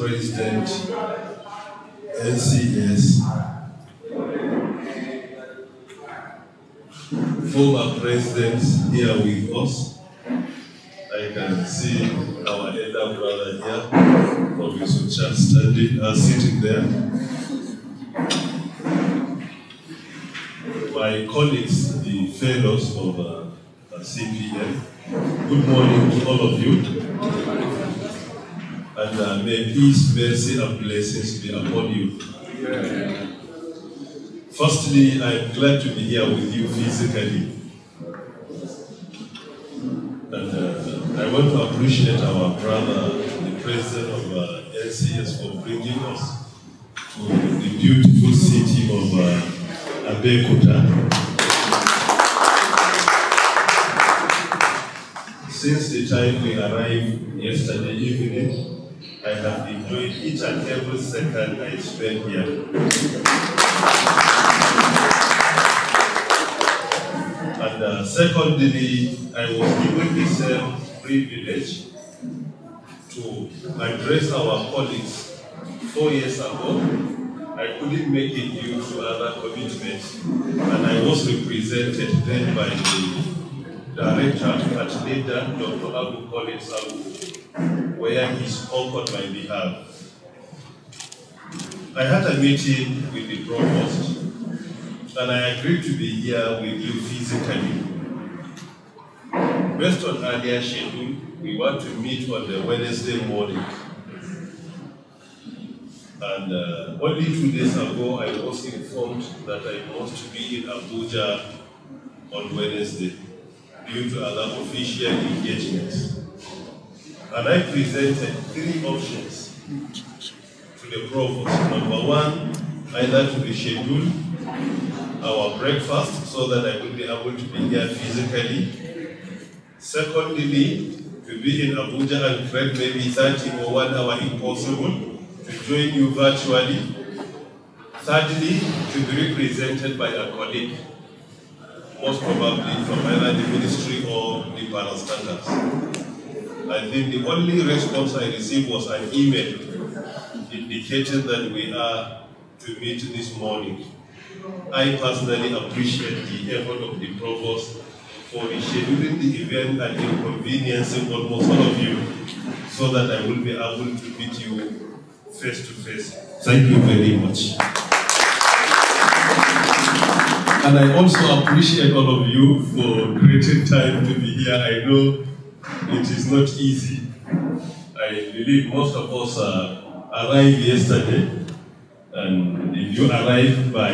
president, NCS, former presidents here with us. I can see our elder brother here, Professor Chad standing, uh, sitting there. My colleagues, the fellows of uh, CPM, good morning to all of you. And uh, may peace, mercy, and blessings be upon you. Amen. Firstly, I'm glad to be here with you physically. And uh, I want to appreciate our brother, the president of uh, for bringing us to the beautiful city of uh, Abeokuta. since the time we arrived yesterday evening, I have enjoyed each and every second I spent here. and uh, secondly, I was given the same privilege to address our colleagues four years ago. I couldn't make it due to other commitments, and I was represented then by the director at NIDA, Dr. Abu Collins where he spoke on my behalf. I had a meeting with the provost, and I agreed to be here with you physically. Based on earlier schedule, we want to meet on the Wednesday morning. And uh, only two days ago, I was informed that I must be in Abuja on Wednesday due to of official engagements. And I presented three options to the provost. Number one, either to reschedule our breakfast so that I would be able to be here physically. Secondly, to be in Abuja and create maybe 30 or one hour impossible to join you virtually. Thirdly, to be represented by a colleague, most probably from either the ministry or the standards. I think the only response I received was an email indicating that we are to meet this morning. I personally appreciate the effort of the provost for rescheduling the event and inconveniencing almost all of you so that I will be able to meet you face to face. Thank you very much. And I also appreciate all of you for creating time to be here. I know it is not easy. I believe most of us uh, arrived yesterday, and if you arrive by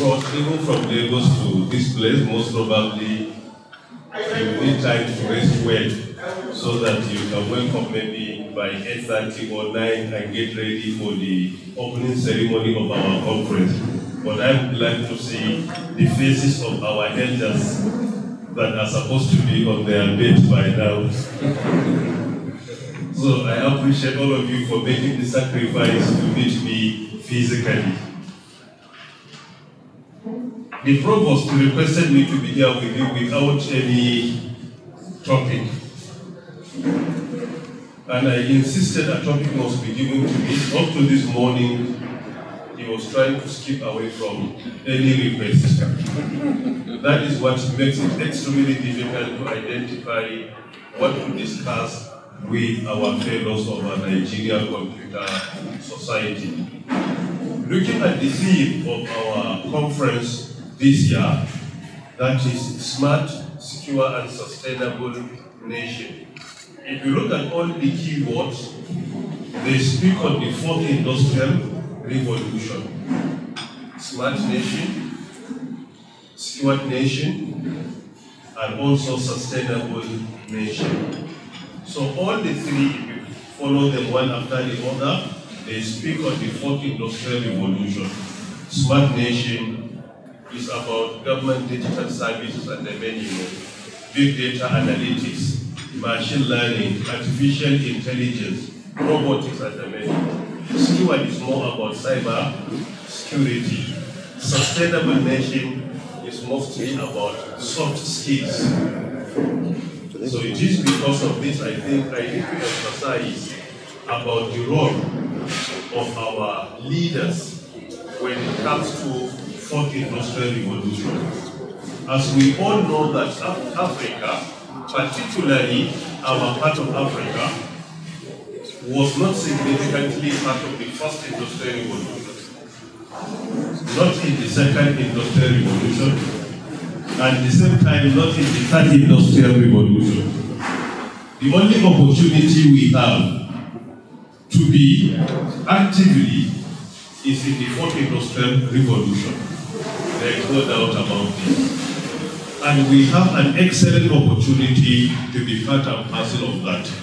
road, even from Lagos to this place, most probably you need time to rest well so that you can wake up maybe by 8.30 or 9 and get ready for the opening ceremony of our conference. But I'm glad to see the faces of our elders that are supposed to be on their bed by now. so I appreciate all of you for making the sacrifice to meet me physically. The provost requested me to be here with you without any topic. And I insisted a topic must be given to me. Up to this morning, he was trying to skip away from any request. that is what makes it extremely difficult to identify what to discuss with our fellows of our Nigeria Computer Society. Looking at the theme of our conference this year, that is smart, secure, and sustainable nation. If you look at all the keywords, they speak on the fourth industrial, revolution. Smart nation, steward nation, and also sustainable nation. So all the three, follow them one after the other, they speak on the fourth industrial revolution. Smart nation is about government digital services and the management, big data analytics, machine learning, artificial intelligence, robotics and the management. Keyword is more about cyber security. Sustainable nation is mostly about soft skills. So it is because of this I think I need to emphasize about the role of our leaders when it comes to fourth industrial revolution. As we all know that Africa, particularly our part of Africa, was not significantly part of the first industrial revolution, not in the second industrial revolution, and at the same time not in the third industrial revolution. The only opportunity we have to be actively is in the fourth industrial revolution. There is no doubt about this. And we have an excellent opportunity to be part and parcel of that.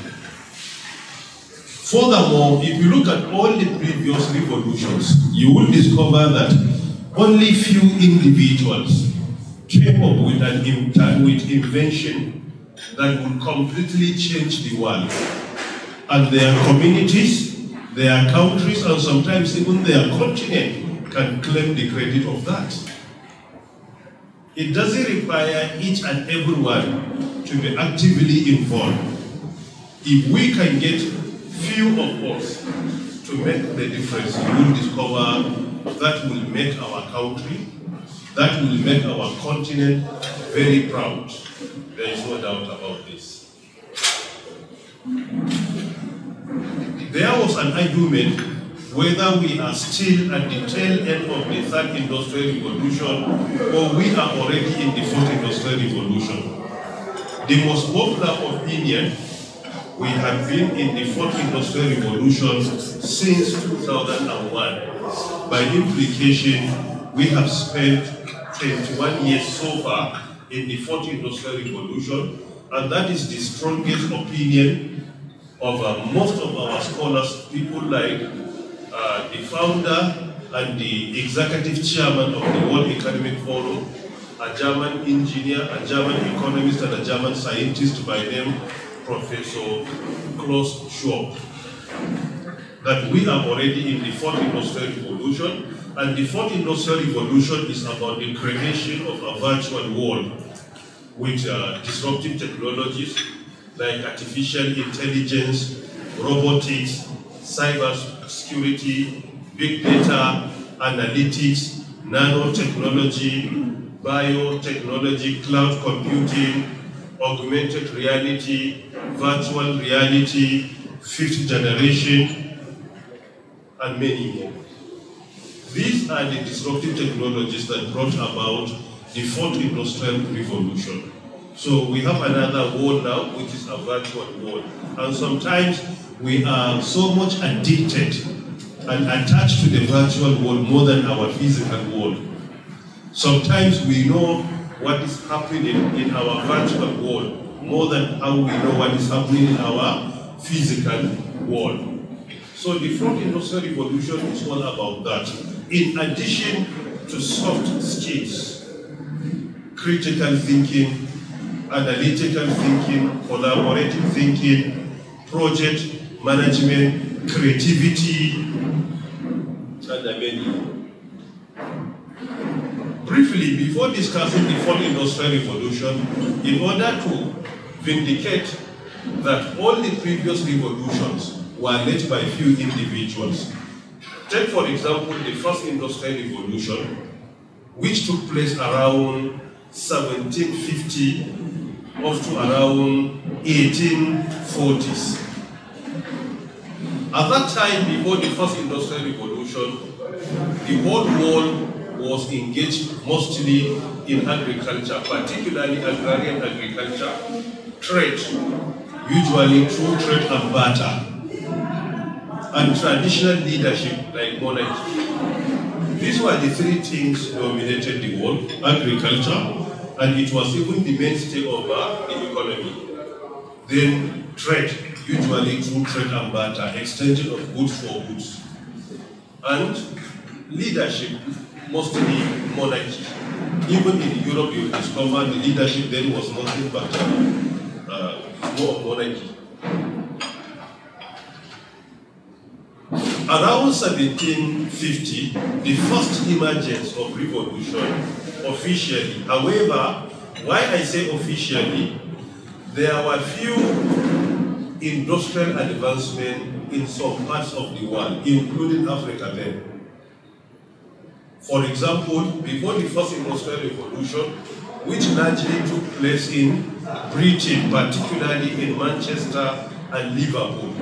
Furthermore, if you look at all the previous revolutions, you will discover that only few individuals came up with an with invention that would completely change the world. And their communities, their countries, and sometimes even their continent can claim the credit of that. It doesn't require each and everyone to be actively involved. If we can get few of us to make the difference, you will discover that will make our country, that will make our continent very proud. There is no doubt about this. There was an argument whether we are still at the tail end of the third industrial revolution or we are already in the fourth industrial revolution. The most popular opinion we have been in the fourth industrial revolution since 2001. By implication, we have spent 21 years so far in the fourth industrial revolution, and that is the strongest opinion of uh, most of our scholars, people like uh, the founder and the executive chairman of the World Economic Forum, a German engineer, a German economist, and a German scientist by name Professor Klaus Schwab that we are already in the fourth industrial revolution, and the fourth industrial revolution is about the creation of a virtual world with uh, disruptive technologies like artificial intelligence, robotics, cyber security, big data, analytics, nanotechnology, biotechnology, cloud computing, augmented reality, virtual reality, fifth generation, and many more. These are the disruptive technologies that brought about the fourth industrial revolution. So we have another world now, which is a virtual world. And sometimes we are so much addicted and attached to the virtual world more than our physical world. Sometimes we know what is happening in our virtual world more than how we know what is happening in our physical world. So the front industrial revolution is all about that. In addition to soft skills, critical thinking, analytical thinking, collaborative thinking, project management, creativity, and many Briefly, before discussing the fourth industrial revolution, in order to vindicate that all the previous revolutions were led by few individuals. Take, for example, the first industrial revolution, which took place around 1750 up to around 1840s. At that time, before the first industrial revolution, the whole world was engaged mostly in agriculture, particularly agrarian agriculture, trade, usually through trade and barter, and traditional leadership like monarchy. These were the three things dominated the world, agriculture, and it was even the mainstay of uh, the economy. Then trade, usually through trade and barter, extension of goods for goods. And leadership, Mostly of monarchy. Even in Europe, you discover the leadership there was nothing but uh, uh more monarchy. Around 1750, the first emergence of revolution officially, however, why I say officially, there were few industrial advancements in some parts of the world, including Africa then. For example, before the First Industrial Revolution, which largely took place in Britain, particularly in Manchester and Liverpool.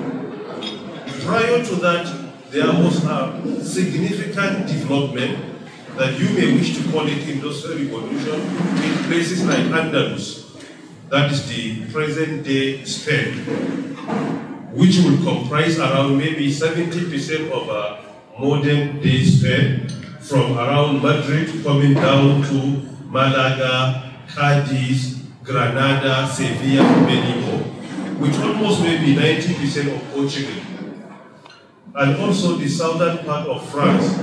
Prior to that, there was a significant development that you may wish to call it industrial revolution in places like Andalus, that is the present-day Spain, which would comprise around maybe 70% of a modern-day Spain, from around Madrid coming down to Malaga, Cadiz, Granada, Sevilla, many more, which almost maybe 90% of Portugal. And also the southern part of France,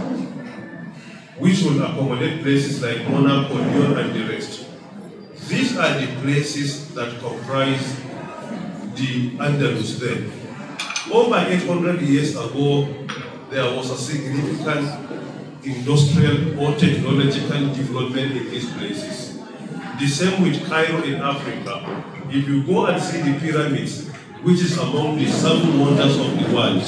which will accommodate places like Monaco, Lyon, and the rest. These are the places that comprise the Andalus then. Over 800 years ago, there was a significant industrial or technological development in these places. The same with Cairo in Africa. If you go and see the pyramids, which is among the seven wonders of the world,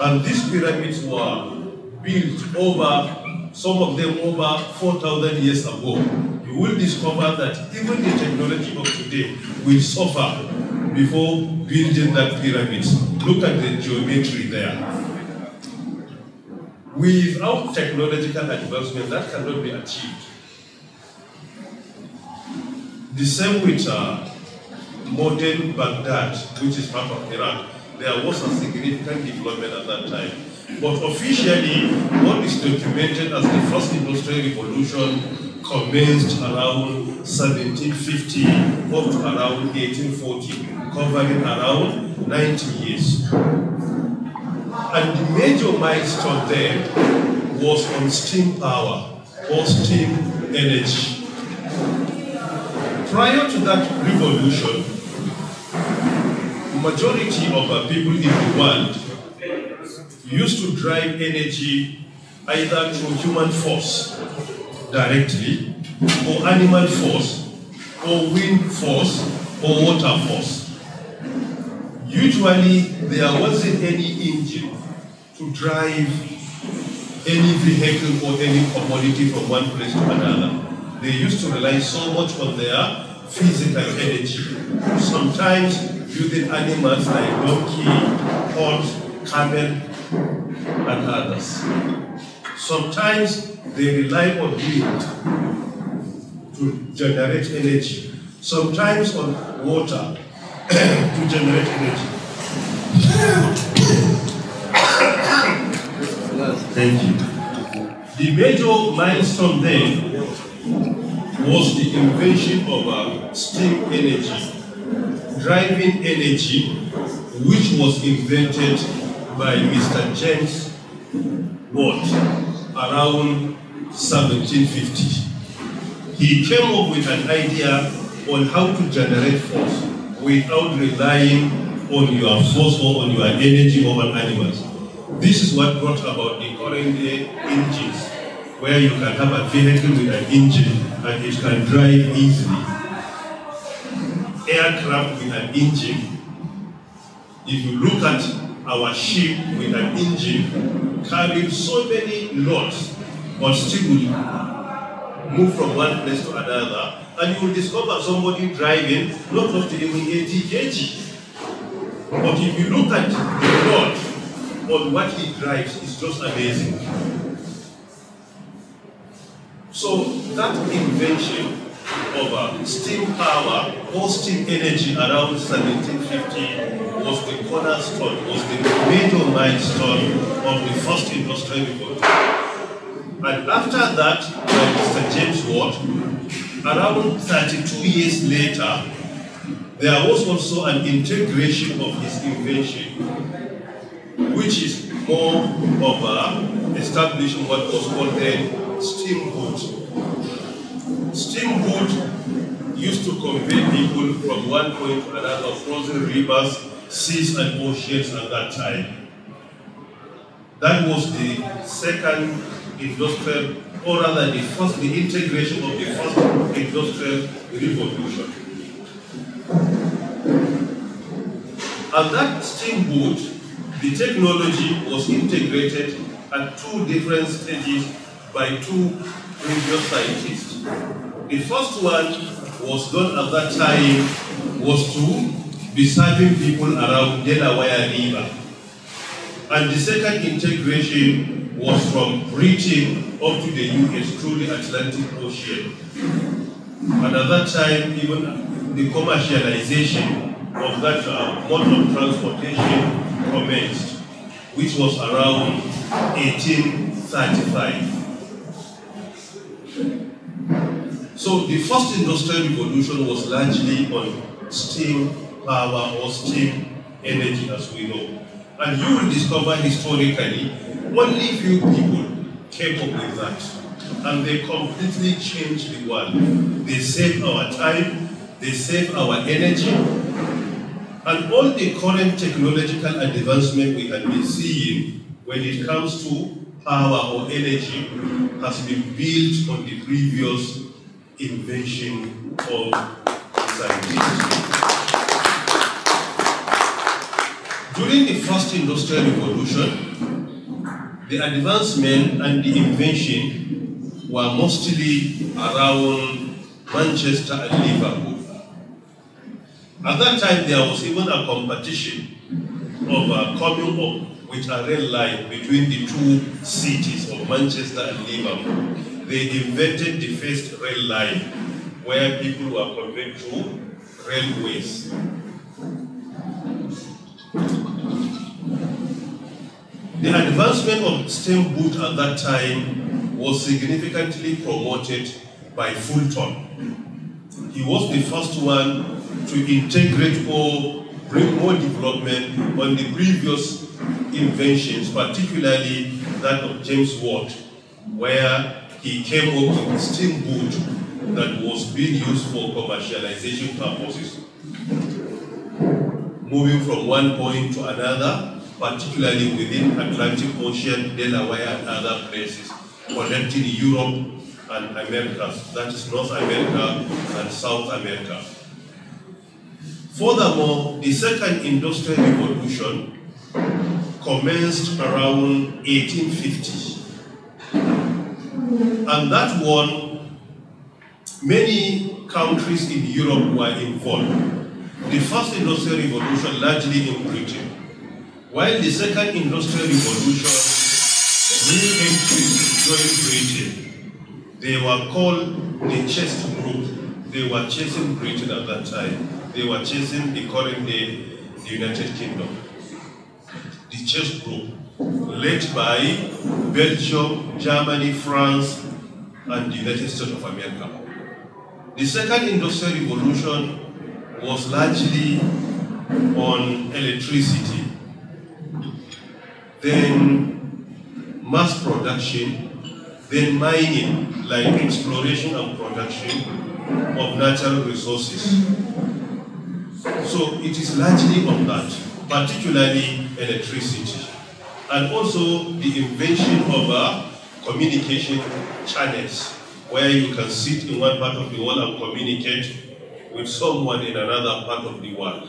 and these pyramids were built over, some of them over 4,000 years ago, you will discover that even the technology of today will suffer before building that pyramid. Look at the geometry there. Without technological advancement, that cannot be achieved. The same with uh, modern Baghdad, which is part of Iraq. There was a significant development at that time. But officially, what is documented as the first industrial revolution commenced around 1750 up to around 1840, covering around 90 years. And the major milestone there was on steam power or steam energy. Prior to that revolution, majority of our people in the world used to drive energy either through human force directly, or animal force, or wind force, or water force. Usually there wasn't any engine to drive any vehicle or any commodity from one place to another. They used to rely so much on their physical energy. Sometimes using animals like donkey, horse, camel, and others. Sometimes they rely on wind to generate energy. Sometimes on water to generate energy. Thank you. The major milestone then was the invention of uh, steam energy, driving energy, which was invented by Mr. James Watt around 1750. He came up with an idea on how to generate force without relying on your force or on your energy over animals. This is what brought about the current day engines, where you can have a vehicle with an engine and it can drive easily. Aircraft with an engine. If you look at our ship with an engine, carrying so many loads, but still move from one place to another, and you will discover somebody driving not just to even 80 kg. But if you look at the road, but what he drives is just amazing. So that invention of uh, steam power hosting steam energy around 1750 was the cornerstone, was the major milestone of the first industrial revolution. And after that, by Mr. James Watt, around 32 years later, there was also an integration of his invention which is more of a, establishing what was called a steamboat. Steamboat used to convey people from one point to another, frozen rivers, seas and oceans at that time. That was the second industrial, or rather the first, the integration of the first industrial revolution. And that steamboat the technology was integrated at two different stages by two previous scientists. The first one was done at that time was to be serving people around Delaware River. And the second integration was from Britain up to the US through the Atlantic Ocean. And at that time, even the commercialization of that uh, mode of transportation commenced, which was around 1835. So the first industrial revolution was largely on steam power or steam energy as we know. And you will discover historically only few people came up with that. And they completely changed the world. They saved our time, they saved our energy, and all the current technological advancement we have been seeing when it comes to power or energy has been built on the previous invention of scientists. During the first industrial revolution, the advancement and the invention were mostly around Manchester and Liverpool. At that time, there was even a competition of uh, coming up with a rail line between the two cities of Manchester and Liverpool. They invented the first rail line where people were conveyed through railways. The advancement of steam boot at that time was significantly promoted by Fulton. He was the first one to integrate or bring more development on the previous inventions, particularly that of James Watt, where he came up with a steamboat that was being used for commercialization purposes. Moving from one point to another, particularly within Atlantic Ocean, Delaware, and other places, connecting Europe and America, that is North America and South America. Furthermore, the second industrial revolution commenced around 1850. And that one, many countries in Europe were involved. The first industrial revolution largely in Britain, while the second industrial revolution new entries joined Britain. They were called the chess group. They were chasing Britain at that time they were chasing the current day the United Kingdom. The chess group, led by Belgium, Germany, France, and the United States of America. The second industrial revolution was largely on electricity, then mass production, then mining, like exploration and production of natural resources. So it is largely on that, particularly electricity. And also the invention of uh, communication channels, where you can sit in one part of the world and communicate with someone in another part of the world.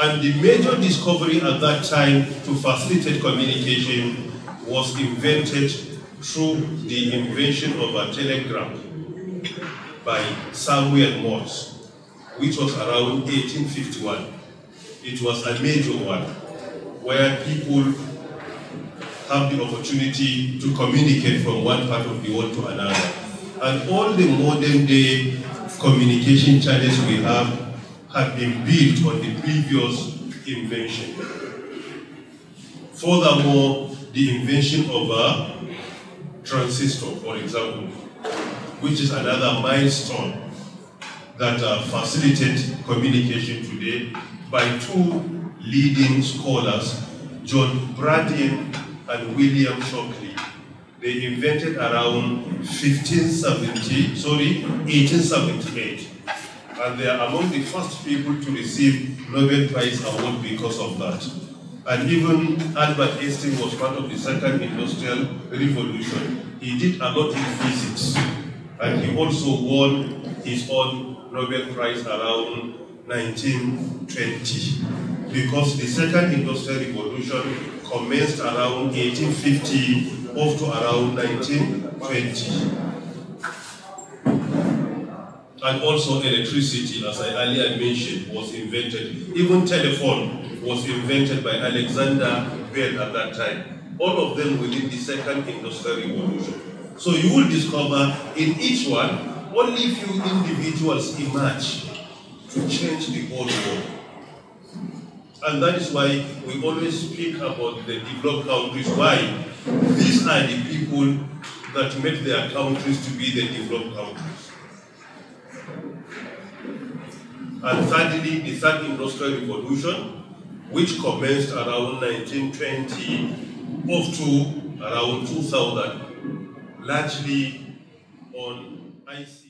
And the major discovery at that time to facilitate communication was invented through the invention of a telegram by Samuel Morse which was around 1851. It was a major one where people have the opportunity to communicate from one part of the world to another. And all the modern day communication channels we have have been built on the previous invention. Furthermore, the invention of a transistor, for example, which is another milestone that uh, facilitate communication today by two leading scholars, John Bradian and William Shockley. They invented around 1570, sorry, 1878. And they are among the first people to receive Nobel Prize award because of that. And even Albert Einstein was part of the second industrial revolution. He did a lot in physics. And he also won his own Nobel Prize around 1920 because the second industrial revolution commenced around 1850 up to around 1920. And also electricity, as I earlier mentioned, was invented. Even telephone was invented by Alexander Bell at that time. All of them within the second industrial revolution. So you will discover in each one only few individuals emerge to change the whole world. And that is why we always speak about the developed countries. Why? These are the people that make their countries to be the developed countries. And thirdly, the third industrial revolution, which commenced around 1920 up to around 2000, largely on ici.